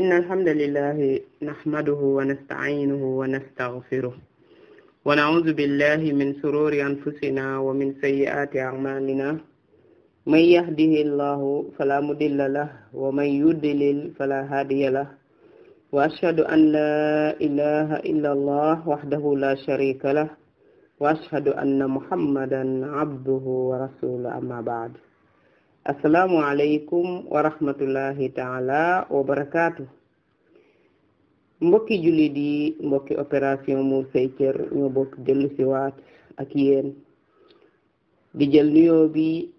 إن الحمد لله نحمده ونستعينه ونستغفره ونعوذ بالله من سرور أنفسنا ومن سيئات أعمالنا من يهده الله فلا مضل له ومن يضلل فلا هادي له وأشهد أن لا إله إلا الله وحده لا شريك له wa ashhadu anna muhammadan abduhu wa amma baad assalaamu aleykum wa taala wa mbokki jullit mbokki opération Mbuur Say Cër ñoo bokk dellu si ak yéen di jël bi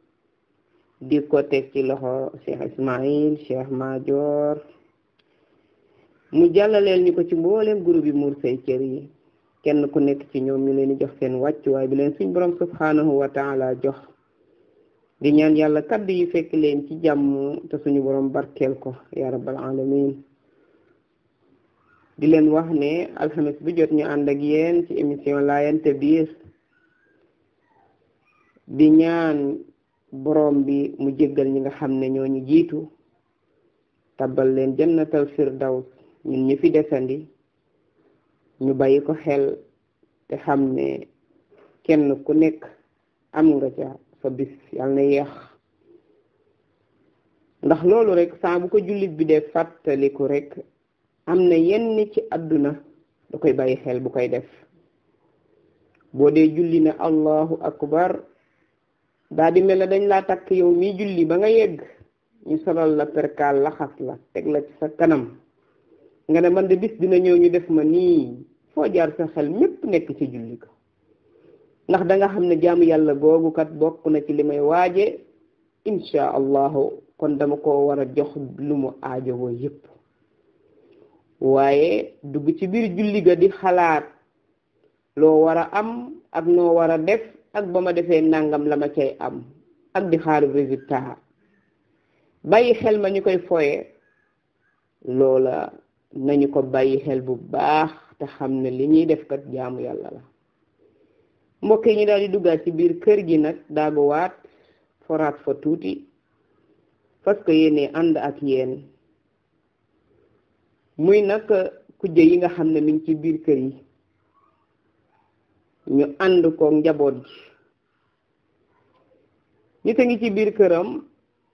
di ko teg ci loxo Cheikh Ismaïl Cheikh Madior mu jàllaleel ñu ko ci mboolem groupe bi Mbuur yi kenn ku nekk ci ñoom ñu leen di jox seen wàccuwaay bi leen suñ borom subhanahu wa taala jox di ñaan yàlla kaddu yi fekk leen ci jàmm te suñu borom barkeel ko ya rabbal alamin di leen wax ne alxamis bu jot ñu ànd ak yeen ci émission laayante biir di ñaan borom bi mu jéggal ñi nga xam ne ñoo ñu jiitu tabal leen jannatal firdaws ñun ñu fi desandi ñu bàyyi ko xel te xam ne kenn ku nekk am nga ca sa bis yàlla na yeex ndax loolu rek saa bu ko jullit bi dee fàttaliku rek am na yenn ci àdduna da koy bàyyi xel bu koy def boo dee julli na allahu akbar daa di mel ne dañ laa takk yow mii julli ba nga yegg ñu solal la perkaal laxas la teg la ci sa kanam nga ne man de bis dina ñëw ñu def ma nii foo jaar sa xel mépp nekk ci julli ko ndax danga xam ne jaamu yàlla googu bokk na ci li may waaje insha allahu kon dama koo war a jox lu mu aajowoo yépp waaye dugg ci biir julli ga di xalaat loo war a am ak noo war a def ak ba ma defee nangam la ma cay am ak di xaaru résultat bàyyi xel ma ñu koy foye loola nañu ko bàyyi xel bu baax te xamne li ñi def kat jaamu yalla la mbokk yi daal di duggaat ci biir kër gi daago waat forat fa tuuti fas ko yene and ak yeen muy ku kujje yi nga xamne mi ngi ci biir kër yi ñu and ko njabot ji te ngi ci biir këram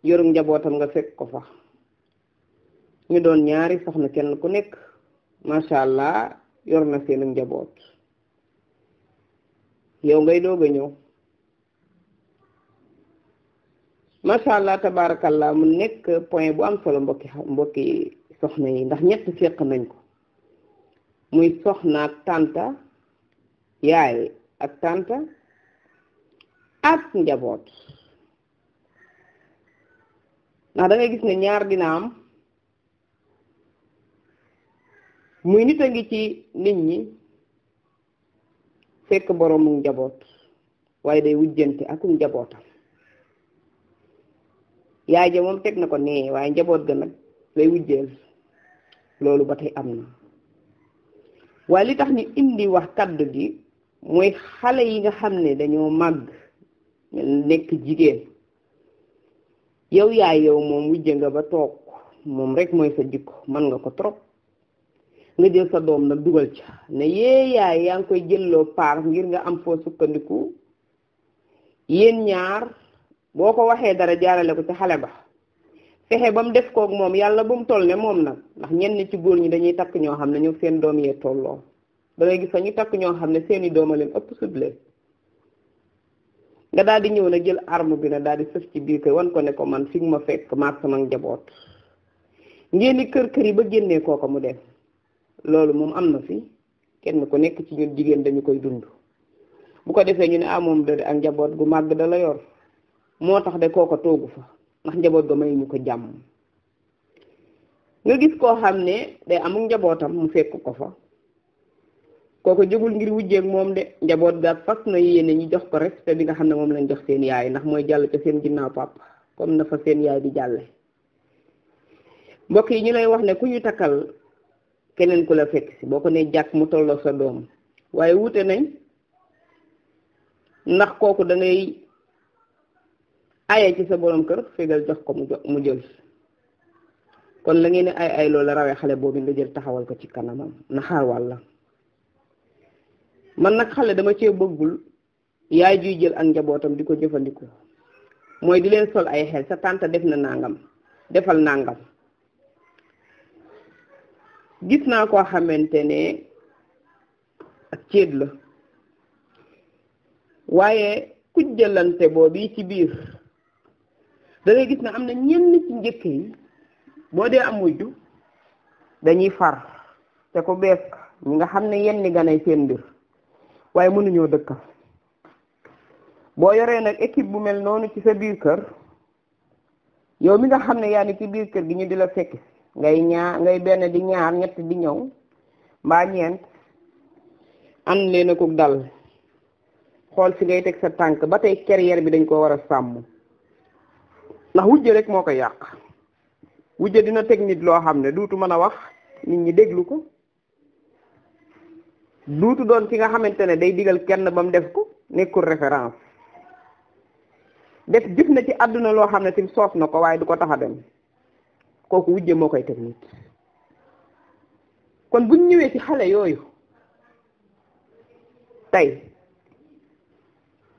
yorum njabotam nga fekk ko fa ñu doon ñaari soxna kenn ku nekk masha allah yor na seen njaboot yow ngay doog a ñëw macha allah tabarakallah mu nekk point bu am solo mbokki mbokki soxna yi ndax ñett séq nañ ko muy soxna ak tànta yaay ak tànta ak njaboot ndax da gis ne ñaar dina am muy nit a ngi ci nit ñi fekk boroomu njaboot waaye day wujjante akum njabootam yaay ja moom teg na ko nee waaye njaboot ga nag lay wujjeel loolu ba tey am na waaye li tax ñu indi wax kaddu gi mooy xale yi nga xam ne dañoo màgg nekk jigéen yow yaay yow moom wujje nga ba toog moom rek mooy sa jikko mën nga ko trop nga jël sa doom nag dugal ca ne yee yaa ngi koy jëlloo paar ngir nga am foo sukkandiku yéen ñaar boo ko waxee dara jaarale ko ci xale ba fexe ba mu def kook moom yàlla ba mu toll ne moom nag ndax ñenn ci góor ñi dañuy takk ñoo xam ne ñoom seen doom yee tolloo da ngay gis fa ñu takk ñoo xam ne seeni doom a leen ëpp nga daal di ñëw nag jël arme bi ne daal di sëf ci biir kër wan ko ne ko man fi mu ma fekk maak sama njaboot ngeen ni kër kër yi ba génnee kooka mu dem loolu moom am na fi kenn ko nekk ci ñun jigéen dañu koy dund bu ko defee ñu ne ah moom ak njabot gu màgg da la yor moo tax de kooko togu fa ndax njaboot ga may mu ko jàmm nga gis koo xam ne day amul njabootam mu fekk ko fa kooko jógul ngir ak moom de njabot da fas na yéene ñu jox ko respect bi nga xam ne moom lañ jox seen yaay ndax mooy jàll ca seen ginnaaw papa comme na fa seen yaay di jàlle mbokk yi ñu lay wax ne ku ñu takkal keneen ku la fekk si boo ko ne jàkk mu tolloo sa doom waaye wute nañ ndax kooku dangay ngay aye ci sa borom kër fegal jox ko mu jox jël kon la ngeen ne ay ay loolu rawee xale boobu nga jël taxawal ko ci kanamam naxaar wàlla man nag xale dama cee bëggul yaay juy jël ak njabootam di ko jëfandikoo mooy di leen sol ay xel sa tànta def na nangam defal nangam gis naa koo xamante ne ak ceet la waaye kujjalante boobu ci biir da gis ne am na ñenn ci njëkk yi boo dee am mujj dañuy far te ku bees ñi nga xam ne yenn ganay seen mbir waaye mënuñoo dëkkal boo yoree nag équipe bu mel noonu ci sa biir kër yow mi nga xam ne yaa ngi ci biir kër gi ñu di la fekki ngay ñaar ngay benn di ñaar ñett di ñëw mbaa ñeent ànd leen ak dal xool si ngay teg sa tànk ba tey ker carrière bi dañ koo war a sàmm ndax wujje rek moo ko yàq wujje dina teg nit loo xam ne duutu mën a wax nit ñi déglu ko duutu doon ki nga xamante ne day digal kenn ba mu def ko nekkul référence def jëf na ci àdduna loo xam ne tim soof na ko waaye du ko tax a dem kooku wujje moo koy teg nit kon buñ ñëwee ci xale yooyu tey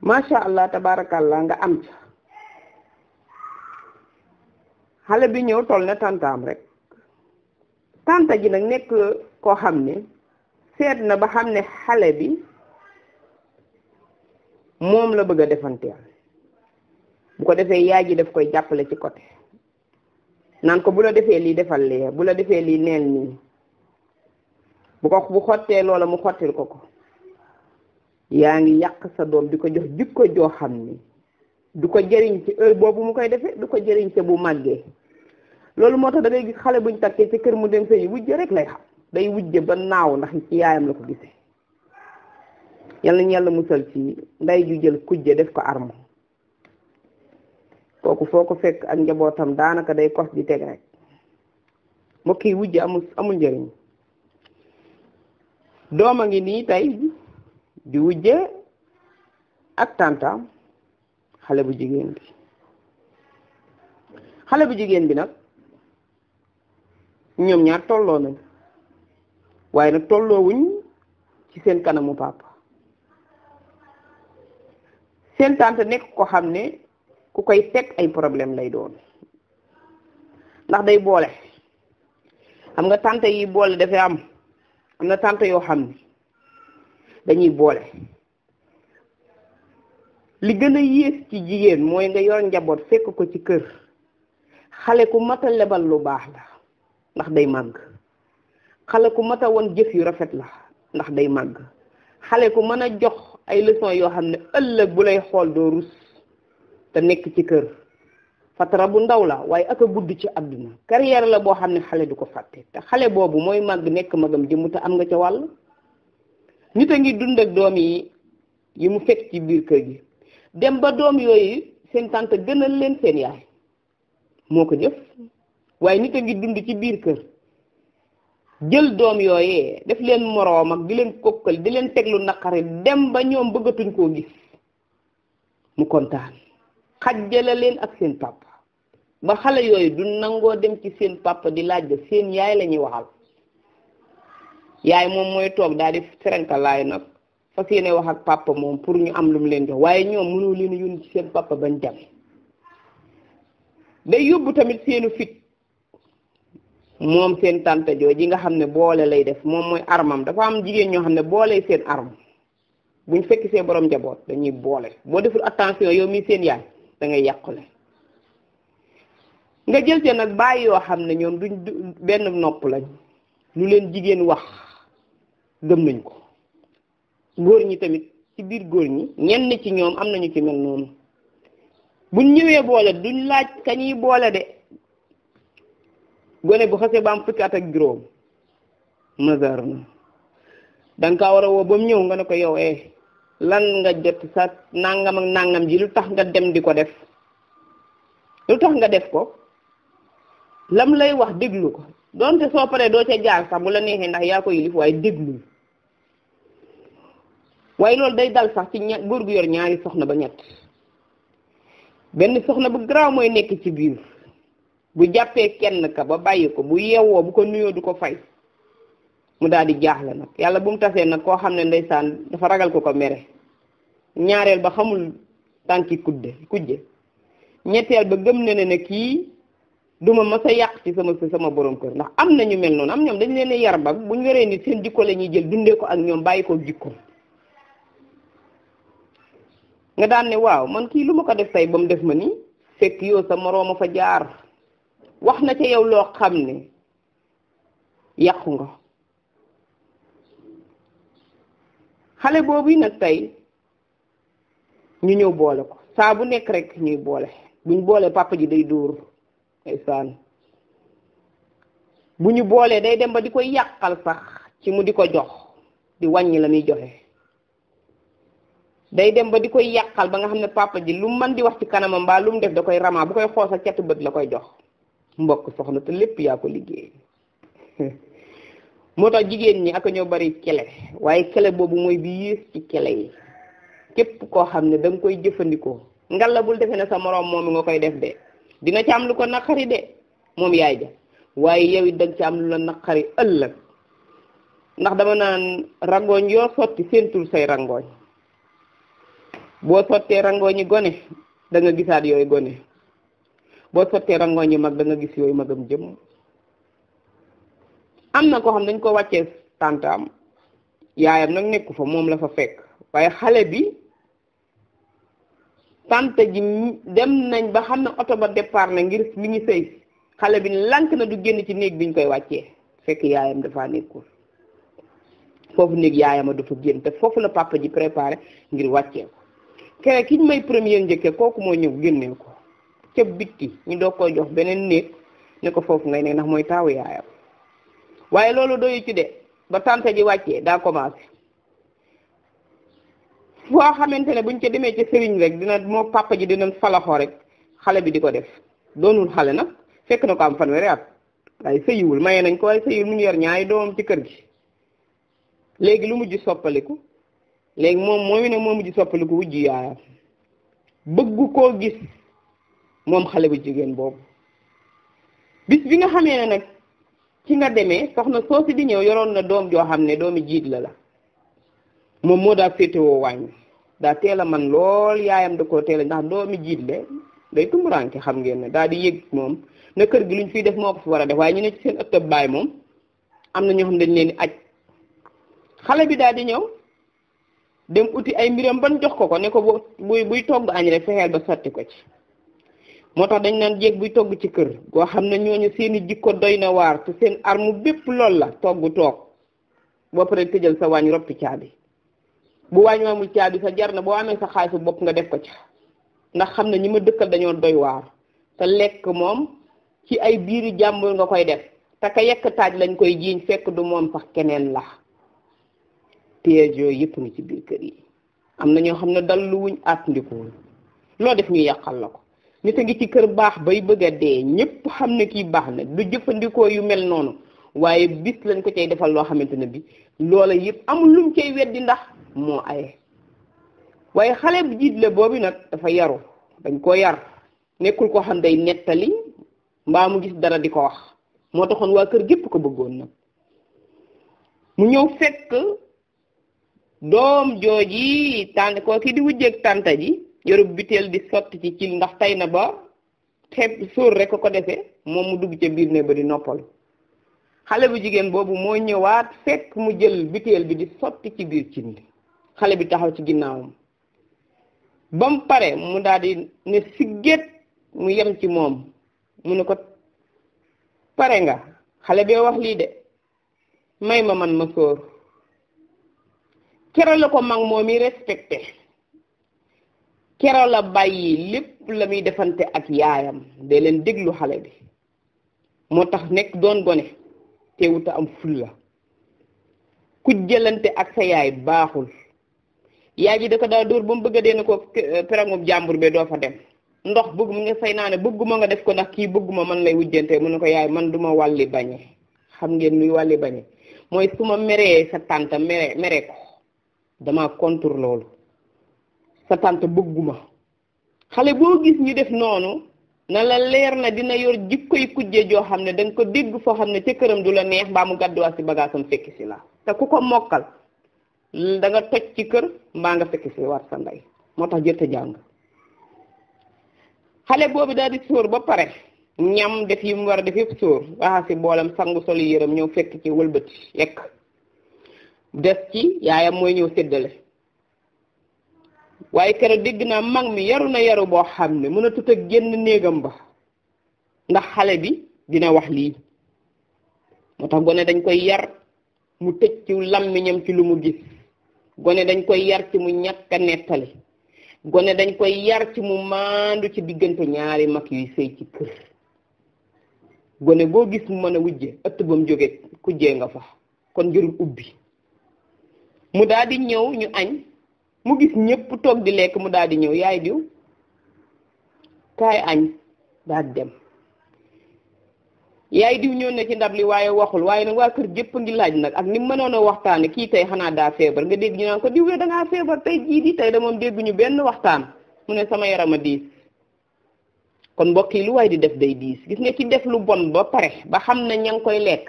macha allah tabarakallah nga am ca xale bi ñëw toll na tantaam rek tanta ji nag nekk koo xam ne seet na ba xam ne xale bi moom la bëgg a defanteel bu ko defee yaay ji daf koy jàppale ci côté naan ko bu la defee lii defal lii bu la defee lii neel nii bu ko bu xottee loola mu xottil ko ko yaa ngi yàq sa doom di ko jox jikko joo xam ni du ko jëriñ ci heure boobu mu koy defee du ko jëriñ ci bu màggee loolu moo tax dangay gis xale buñ takkee ci kër mu dem sëy wujj rek lay xam day wujj ba naaw ndax ci yaayam la ko gisee yal nañu yàlla musal ci nday ju jël kujje def ko arme kooku foo ko fekk ak njabootam daanaka day kos di teg rek mbokk yi wujj amul amul njëriñ doom a ngi nii tey di wujje ak tantam xale bu jigéen bi xale bu jigéen bi nag ñoom ñaar tolloo nañ waaye nag tolloowuñ ci seen kanamu pàpp seen tante nekk ko xam ne ku koy teg ay problème lay doon ndax day boole xam nga tante yi boole dafay am am na tante yoo xam ni dañuy boole li gën a yées ci jigéen mooy nga yor njaboot fekk ko ci kër xale ku mat a lebal lu baax la ndax day màgg xale ku mat a won jëf yu rafet la ndax day màgg xale ku mën a jox ay leçon yoo xam ne ëllëg bu lay xool doo rus te nekk ci kër fatara bu ndaw la waaye ak a gudd ci àdduna carrière la boo xam ne xale du ko fàtte te xale boobu mooy màgg nekk magam jëmm te am nga ca wàll nit a ngi dund ak doom yi yi mu fekk ci biir kër gi dem ba doom yooyu seen tante gënal leen seen yaay moo ko jëf waaye nit a ngi dund ci biir kër jël doom yooyee def leen moroom ak di leen kokkal di leen teglu naqari dem ba ñoom bëggatuñ koo gis mu kontaan xajjale leen ak seen papa ba xale yooyu du nangoo dem ci seen papa di laaj ba seen yaay la ñuy waxal yaay moom mooy toog daal di serenkalaay nag fas yéene wax ak pàpp moom pour ñu am lu mu leen jox waaye ñoom mënoo leen yónni ci seen papa bañ dem day yóbbu tamit seenu fit moom seen tante jooji nga xam ne boole lay def moom mooy armam dafa am jigéen ñoo xam ne boolee seen arme buñ fekki seen borom njaboot dañuy boole boo deful attention yow mi seen yaay da ngay yàqule nga jël ca nag bàyyi yoo xam ne ñoom duñ benn nopp lañ lu leen jigéen wax gëm nañ ko góor ñi tamit ci biir góor ñi ñenn ci ñoom am nañu ci mel noonu buñ ñëwee boole duñ laaj kañuy boole de gone bu xasee ba am fukki at ak juróom mazar na danga kaa war a woo ba ñëw nga ne ko yow eh, lan nga jot sa nàngam ak nangam ji lu tax nga dem di ko def lu tax nga def ko lam lay wax déglu ko doonte soo paree doo ca jaar sax bu la neexee ndax yaa ko yilif waaye déglu waaye loolu day dal sax ci ña góor gu yor ñaari soxna ba ñett benn soxna bu garaaw mooy nekk ci biir bu jàppee kenn ka ba bàyyi ko bu yeewoo bu ko nuyoo du ko fay mu daal di jaaxle nag yàlla bu mu tasee nag koo xam ne ndeysaan dafa ragal ko ko mere ñaareel ba xamul tànki kudde kujje ñetteel ba gëm na ne ne kii duma ma sa yàq ci sama sama borom kër ndax am na ñu mel noonu am ñoom dañ leen yar ba bu ñu weree nit seen jikko la ñuy jël dundee ko ak ñoom bàyyi ko jikkoom nga daan ne waaw man kii lu ma ko def tey ba mu def ma nii fekk yow sa morooma fa jaar wax na ca yow loo xam ne yàqu nga xale boobu nag tey ñu ñëw boole ko saa bu nekk rek ñuy boole buñ boolee papa ji day dóor ay saan bu ñu boolee day dem ba di koy yàqal sax ci mu di ko jox di wàññi la muy joxe day dem ba di koy yàqal ba nga xam ne papa ji lu man di wax ci kanamam mbaa lu mu def da koy ramaa bu koy xoos ak bët la koy jox mbokk soxna te lépp yaa ko liggéey moo tax jigéen ñi ak ñoo bari kele waaye kele boobu mooy bii yées ci kele yi képp koo xam ne da koy jëfandikoo ngalla bul defee ne sa moroom moom nga koy def de dina ci am lu ko naqari de moom yaay ja waaye yowit it da ci am lu la naqari ëllëg ndax dama naan rangooñ yoo sotti séentul say rangooñ boo sottee rangooñ yi gone danga gisaat yooyu gone boo sottee rangooñ yi mag da nga gis yooyu magam jëm am na ko xam dañ ko wàccee tàntaam yaayam nag nekku fa moom la fa fekk waaye xale bi tante ji dem nañ ba xam ne oto ba départ na ngir mi ngi sëy xale bi lant na du génn ci néeg biñ koy wàccee fekk yaayam dafa nekkul foofu néeg yaayama dafa génn te foofu la papa ji préparé ngir wàccee ko kere ki ñu may premier njëkke kooku moo ñëw génnee ko ca bitti ñu doo koy jox beneen néeg ne ko foofu ngay ne ndax mooy taawu yaayam waaye loolu doyu ci de ba tante ji wàccee daa commencé foo xamante ne buñ ca demee ci sëriñ rek dina moo papa ji dina falaxoo rek xale bi di ko def doonul xale nag fekk na ko am fanweeri at waaye sëyiwul maye nañ ko waaye sëyiwul mu ngi yor ñaari doom ci kër gi léegi lu mujj soppaliku léegi moom moo ne moo mujj soppaliku wujj yaayam bëggu koo gis moom xale bu jigéen boobu bis bi nga xamee ne nag ci nga demee soxna soosi di ñëw yoroon na doom joo xam ne doomi jiit la la moom moo daal féetewoo waañ daa teel a man lool yaayam da koo teel a ndax doomi jiit le day tumuraanke xam ngeen ne daal di yëg moom na kër gi luñ fiy def moo ko fi war a def waaye ñu ne ci seen ëttab baay moom am na ñoo xam dañ leen di aj xale bi daal di ñëw dem uti ay mbiram ban jox ko ko ne ko buy buy togg añ rek fexeel ba sotti ko ci moo tax dañ naan jéeg buy togg ci kër goo xam ne ñooñu seeni jikko doy na waar te seen armu bépp lool la togg toog boo paree tëjal sa waañ roppi caabi bu waañ amul caabi sa jar na boo amee sa xaalisu bopp nga def ko ca ndax xam ne ñi ma dëkkal dañoo doy waar te lekk moom ci ay biiri jàmbur nga koy def takk ka yekk taaj lañ koy jiiñ fekk du moom sax keneen la piège yooyu yëpp ngi ci biir kër yi am na ñoo xam ne dalluwuñ at ndikuwuñ loo def ñu yàqal la ko nit a ngi ci kër baax bay bëgg a dee ñëpp xam ne kii baax na du jëfandikoo yu mel noonu waaye bis lañ ko cay defal loo xamante ne bi loola yëpp amul lum cay weddi ndax moo aye waaye xale bu jiitle boobu nag dafa yaru dañ koo yar nekkul koo xam day nettali mbaa mu gis dara di ko wax moo taxoon waa kër gépp ko bëggoon nag mu ñëw fekk doom jooji tànt koo ki di wujjeeg tànta ji yorub butéel di sotti ci cil ndax tay na ba xeeb sóor rek ko defee moom mu dugg ca biir ne ba di noppalu xale bu jigéen boobu moo ñëwaat fekk mu jël butéel bi di sotti ci biir cin li xale bi taxaw ci ginnaawam ba mu pare mu daal di ne sigget mu yem ci moom mu ne ko pare nga xale bee wax lii de may ma man ma sóor kero la ko mag moom i respecté kero la bàyyi lépp la muy defante ak yaayam de leen déglu xale bi moo tax nekk doon gone teewuta am fulla ku jëlante ak sa yaay baaxul yaay ji da ko daa dóor ba mu bëgg a dee na ko perangum jàmbur be doo fa dem ndox bëgg mu nga fay naa ne bëgguma nga def ko ndax kii bëgguma man lay wujjante mu na ko yaay man duma wàlli bañe xam ngeen muy wàlli bañe mooy su ma meree sa tànta mere mere ko dama kontur loolu sa tante bëgguma xale boo gis ñu def noonu na la leer na dina yor jikkoy kujje joo xam ne danga ko dégg foo xam ne ca këram du la neex mbaa mu gàdduwaat si bagaasam fekki si la te ku ko mokkal danga nga toj ci kër mbaa nga fekki si waat sa ndey moo tax jërte jàng xale boobu daal di sóor ba pare ñam def yi mu war a def yëpp sóor waxa si boolam sangu solu yëram ñëw fekk ci wëlbati yekk des ci yaayam mooy ñëw séddale waaye kere dégg naa mag mi yaru na yaru boo xam ne mën a tut ak génn néegam ba ndax xale bi dina wax lii moo tax gone dañ koy yar mu tëj ci ci lu mu gis gone dañ koy yar mu ñàkk a nettali gone dañ koy yar ci mu maandu ci diggante ñaari mag yuy sëy ci kër gone boo gis mu mën a wujje ëtt ba mu jóge kujjee nga fa kon jërul ubbi mu daal di ñëw ñu añ mu gis ñëpp toog di lekk mu daal di ñëw yaay diw kaay añ daal dem yaay diw ñëw ne ci ndab li waaye waxul waaye nag waa kër jëpp ngi laaj nag ak ni mënoon a waxtaane kii tey xanaa daa feebar nga dégg ñu naan ko diw da dangaa feebar tey jii di tey da moom dégguñu benn waxtaan mu ne sama yaram a diis kon mbokk yi lu waay di def day diis gis nga ci def lu bon ba pare ba xam ne ña ngi koy lekk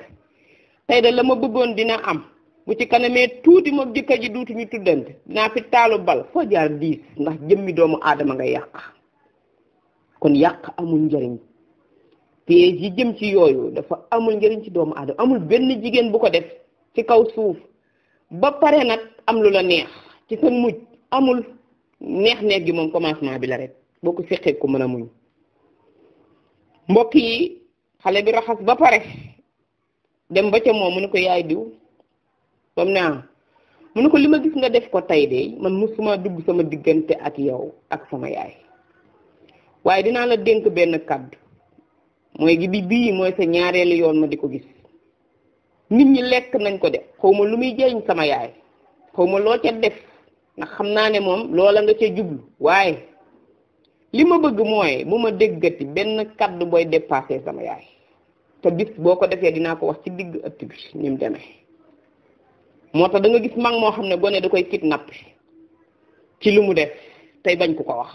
tey da la ma bëggoon dina am bu ci kanamee tuuti moom jëkkër ji duutuñu tuddante naa fi taalu bal foo jaar diis ndax jëmmi doomu aadama nga yàq kon yàq amul njëriñ piège yi jëm ci yooyu dafa amul njëriñ ci doomu aadama amul benn jigéen bu ko def ci kaw suuf ba pare nag am lu la neex ci sa mujj amul neex neex gi moom commencement bi la rek boo ko séqee ko mën a muñ mbokk yi xale bi raxas ba pare dem ba ca moom mu ne ko yaay diw ba mu ne ah mu ne ko li ma gis nga def ko tey de man musuma dugg sama diggante ak yow ak sama yaay waaye dinaa la dénk benn kàddu mooy gi bi bii mooy sa ñaareelu yoon ma di ko gis nit ñi lekk nañ ko def xaw ma lu muy jëriñ sama yaay xaw ma loo ca def ndax xam naa ne moom loola nga ca jublu waaye li ma bëgg mooy bu ma déggati benn kàddu booy dépassé sama yaay te bis boo ko defee dinaa ko wax ci digg ëtt bi ni demee moo tax danga gis mag moo xam ne gone da koy kidnap ci li mu def tey bañ ku ko wax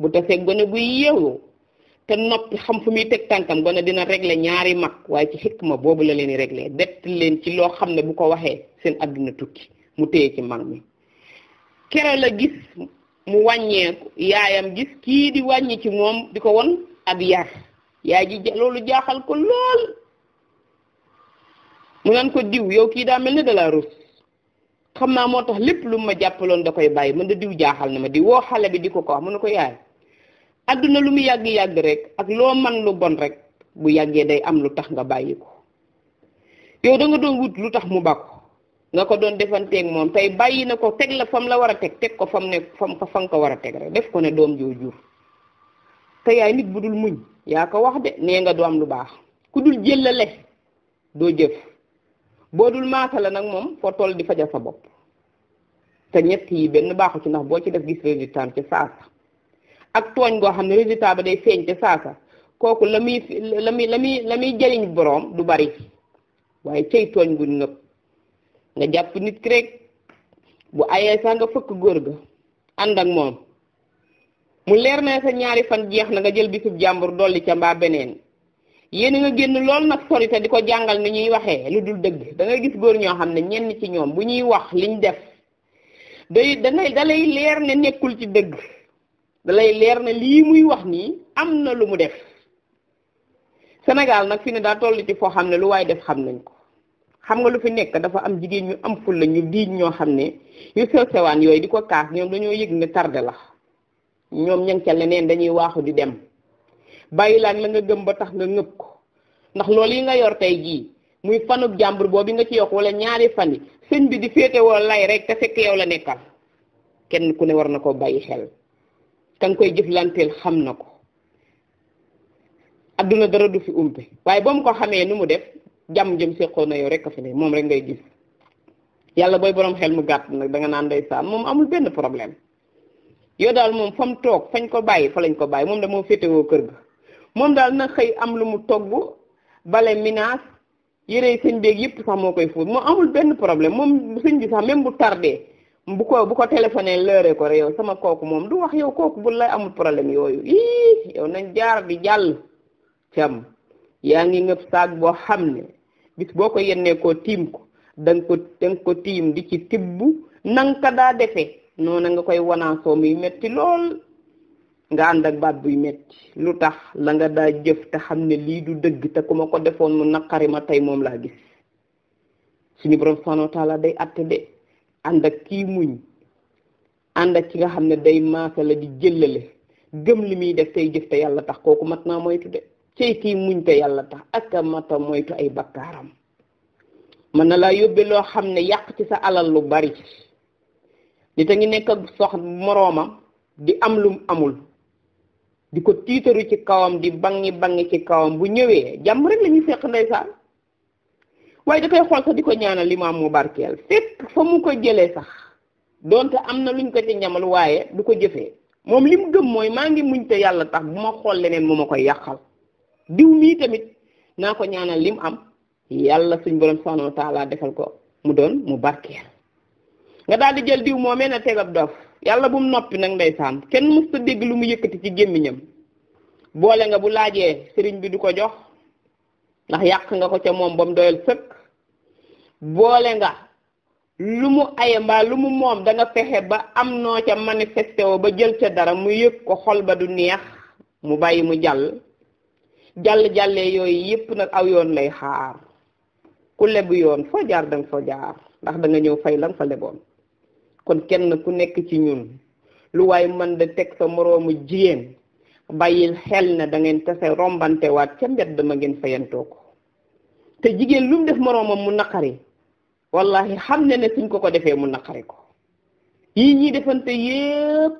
bu defee gone guy yeewu te noppi xam fu muy teg tànkam gone dina regle ñaari mag waaye ci ma boobu la leen regle régler leen ci loo xam ne bu ko waxee seen àdduna tukki mu téye ci mag mi kero la gis mu wàññeeku yaayam gis kii di wàññi ci moom di ko won ab yar yaay ji loolu jaaxal ko lool mu naan ko diw yow kii daa mel ne dala rus xam naa moo tax lépp lu ma jàppaloon da koy bàyyi man da diw jaaxal na ma di woo xale bi di ko ko wax mu ne ko yaay àdduna lu mu yàgg-yàgg rek ak loo man lu bon rek bu yàggee day am lu tax nga bàyyi ko yow da nga doon wut lu tax mu bàkku nga ko doon defanteeg moom tey bàyyi na ko teg la fam la war a teg teg ko fam ne fam fa nga ko war a teg rek def ko ne doom joo jur te yaay nit bu dul muñ yaa ko wax de nga du am lu baax ku dul jëllale doo jëf boo dul maasala nag moom foo toll di fajal sa bopp te ñett yi benn baaxu ci ndax boo ci def gis résultat am ca saasa ak tooñ goo xam ne résultat ba day feeñ ca saasa kooku la muy la muy la muy la muy jëriñ boroom du bari waaye cay tooñ guñ nëb nga jàpp nit ki rek bu ayee sax nga fëkk góor ga ànd ak moom mu leer na sa ñaari fan jeex na nga jël bisub jàmbur dolli ca mbaa beneen yéen nga génn lool nag sori di ko jàngal ni ñuy waxee lu dul dëgg dangay gis góor ñoo xam ne ñenn ci ñoom bu ñuy wax liñ def day danay dalay leer ne nekkul ci dëgg dalay leer ne lii muy wax nii am na lu mu def Sénégal nag fi ne daa toll ci foo xam ne lu waaye def xam nañ ko xam nga lu fi nekk dafa am jigéen ñu am ful la ñu diiñ ñoo xam ne yu sew sewaan yooyu di ko kaas ñoom dañoo yëg ne tarde la ñoom ña leneen dañuy waaxu di dem bàyyi laak la nga gëm ba tax nga nëb ko ndax loolu yi nga yor tey jii muy fanub jàmbur boobu nga ci yokk wala ñaari fan yi sëñ bi di féete wala lay rek te fekk yow la nekkal kenn ku ne war na ko bàyyi xel ka koy jëflanteel xam na ko adduna dara du fi umpe waaye ba mu ko xamee nu mu def jàmm jëm seqoo na yow rek a fi ne moom rek ngay gis yàlla booy boroom xel mu gàtt nag danga naan ndeysaan moom amul benn problème yow daal moom fa mu toog fañ ko bàyyi fa lañ ko bàyyi moom da moo féetewoo kër ga moom daal na xëy am lu mu togg bale minas yéré seen beeg yëpp sax moo koy fóot mo amul benn problème moom sëñ bi sax même bu tardé bu ko bu ko téléphoné leure ko rek yow sama kooku moom du wax yow kooku bu lay amul problème yooyu yi yow nañ jaar di jàll cam yaa ngi ngëb saag boo xam ne bis boo ko yenne koo tiim ko dang ko dang ko tiim di ci tibb nang ka daa defee noonu nga koy wanaasoo muy metti lool nga ànd ak baat buy metti lu tax la nga daa jëf te xam ne lii du dëgg te ku ma ko defoon mu naqari ma tey moom laa gis suñu borom subhanahu wa day atte de ànd ak kii muñ ànd ak ki nga xam ne day maasa la di jëllale gëm li muy def tey jëf te yàlla tax kooku mat naa moytu de cey kii muñ te yàlla tax ak a moytu ay bakkaaram mën na laa yóbbe loo xam ne yàq ci sa alal lu bari nit a ngi nekk sox moroomam di am lum amul di ko tiitaru ci kawam di bangi bangi ci kawam bu ñëwee jàmm rek la ñuy fekk ndeysaan waaye da koy xool sax di ko ñaanal limaam mu barkeel fekk fa mu ko jëlee sax donte am na luñ ko ci ñamal waaye du ko jëfee moom lim mu gëm mooy maa ngi muñ te yàlla tax bu ma xool leneen mu ma koy yàqal diw mii tamit naa ko ñaanal lim am yàlla suñ borom subhanahu wa taala defal ko mu doon mu barkeel nga daal di jël diw moomee na tegab dof yàlla bu mu noppi nag ndeysaan kenn mës ta dégg lu mu yëkkati ci gémmiñam boole nga bu laajee sëriñ bi du ko jox ndax yàq nga ko ca moom ba mu doyal sëkk boole nga lu mu aye mbaa lu mu moom da nga fexe ba am noo ca manifesté woo ba jël ca dara mu yëg ko xol ba du neex mu bàyyi mu jàll jàll-jàllee yooyu yépp nag aw yoon lay xaar ku lebu yoon foo jaar danga fa jaar ndax danga ñëw fay lan fa leboon kon kenn ku nekk ci ñun lu waay man de teg sa moroomu jigéen bàyyil xel na dangeen ngeen tase rombantewaat ca mbedd ma ngeen fayantoo ko te jigéen lu mu def moroomam mu naqari wallahi xam ne ne suñ ko ko defee mu naqari ko yii ñuy defante yépp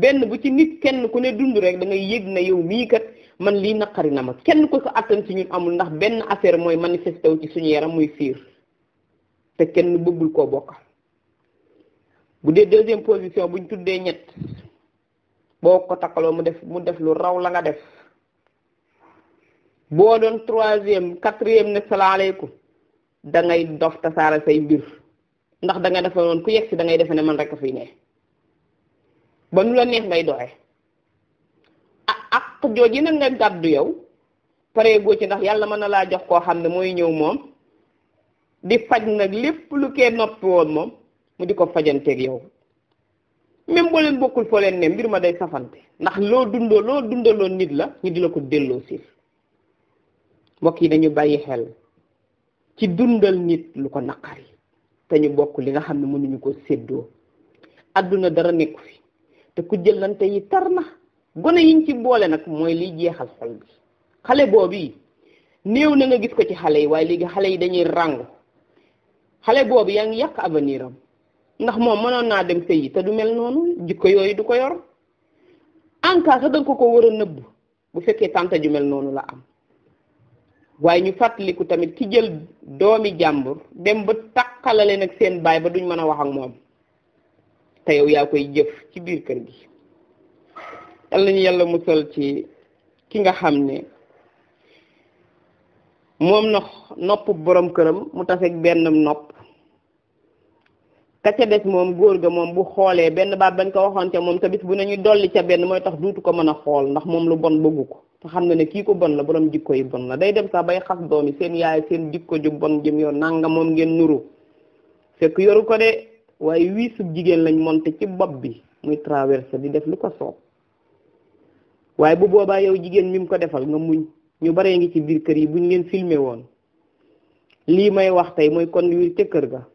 benn bu ci nit kenn ku ne dund rek dangay ngay yëg na yow mii kat man lii naqari na ma kenn ku ko attan ci ñu amul ndax benn affaire mooy manifesté wu ci suñu yaram muy fiir te kenn bëggul koo bokkal bu dee deuxième position ñu tuddee ñett boo ko takkaloo mu def mu def lu raw la nga def boo doon troisième quatrième ne salaamaaleykum da ngay dof tasaara say mbir ndax da nga defe noonu ku yegg dangay defe ne man rek a fiy ne ba nu la neex ngay doxe ah ak jooji nag nga gàddu yow pare goo ci ndax yàlla mën na laa jox koo xam ne mooy ñëw moom di faj nag lépp lu kee noppi woon moom mu di ko fajanteeg yow même boo leen bokkul foo leen ne mbir ma day safante ndax loo dundoo loo dundaloo nit la ñu di la ko delloo si mbokk yi dañu bàyyi xel ci dundal nit lu ko naqari te ñu bokk li nga xam ne mënuñu ko séddoo àdduna dara nekku fi te ku jëlante yi tar na gone yiñ ci boole nag mooy liy jeexal xol bi xale boobu néew na nga gis ko ci xale yi waaye léegi xale yi dañuy ràngu xale boobu yaa ngi yàq avenir ndax moom mënoon naa dem sëy yi te du mel noonu jikko yooyu du ko yor en cas danga ko ko war a nëbb bu fekkee tante ju mel noonu la am waaye ñu fàttaliku tamit ki jël doomi jàmbur dem ba takkalale ak seen baay ba duñ mën a wax ak moom te yow yaa koy jëf ci biir kër gi yal nañu yàlla musal ci ki nga xam ne moom na nopp borom këram mu taseeg benn nopp ka ca des moom góor ga moom bu xoolee benn baat bañ ko waxoon ca moom te bis bu nañu dolli ca benn mooy tax duutu ko mën a xool ndax moom lu bon bëggu ko te xam na ne kii ko bon la borom jikko yi bon la day dem sax bay xas doom yi seen yaay seen jikko ju bon jëm yoon nanga moom ngeen nuru fekk yoru ko waaye wii jigéen lañ monte ci bopp bi muy traversé di def lu ko soob waaye bu boobaa yow jigéen mi mu ko defal nga muñ ñu baree ngi ci biir kër yi bu buñ leen filmé woon lii may wax tey mooy conduire ca kër ga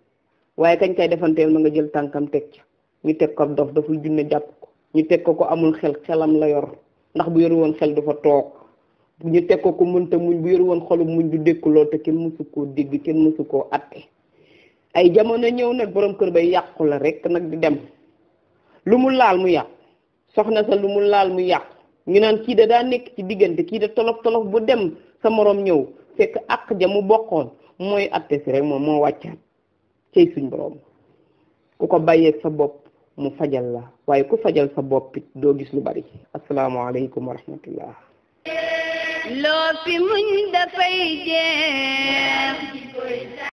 waaye kañ kay defanteel ma nga jël tànkam teg ca ñu teg ko dof daful junne jàpp ko ñu teg ko ko amul xel xelam la yor ndax bu yor woon xel du fa toog ñu teg ko ko mënta muñ bu yor xolu muñ du dékku lool te kenn mësu koo dégg kenn mësu koo atte ay jamono ñëw nag boroom kër bay yàqu la rek nag di dem lu mu laal mu yàqu soxna sa lu mu laal mu yàqu ñu naan kii da daa nekk ci diggante kii da tolof tolof bu dem sa moroom ñëw fekk àq ja mu bokkoon mooy atte si rek moom moo wàccaat ku ko bàyyeeg sa bopp mu fajal la waaye ku fajal sa bopp doo gis lu bari asalaamaaleykum wa rahmatullah loo fi muñ dafay jeex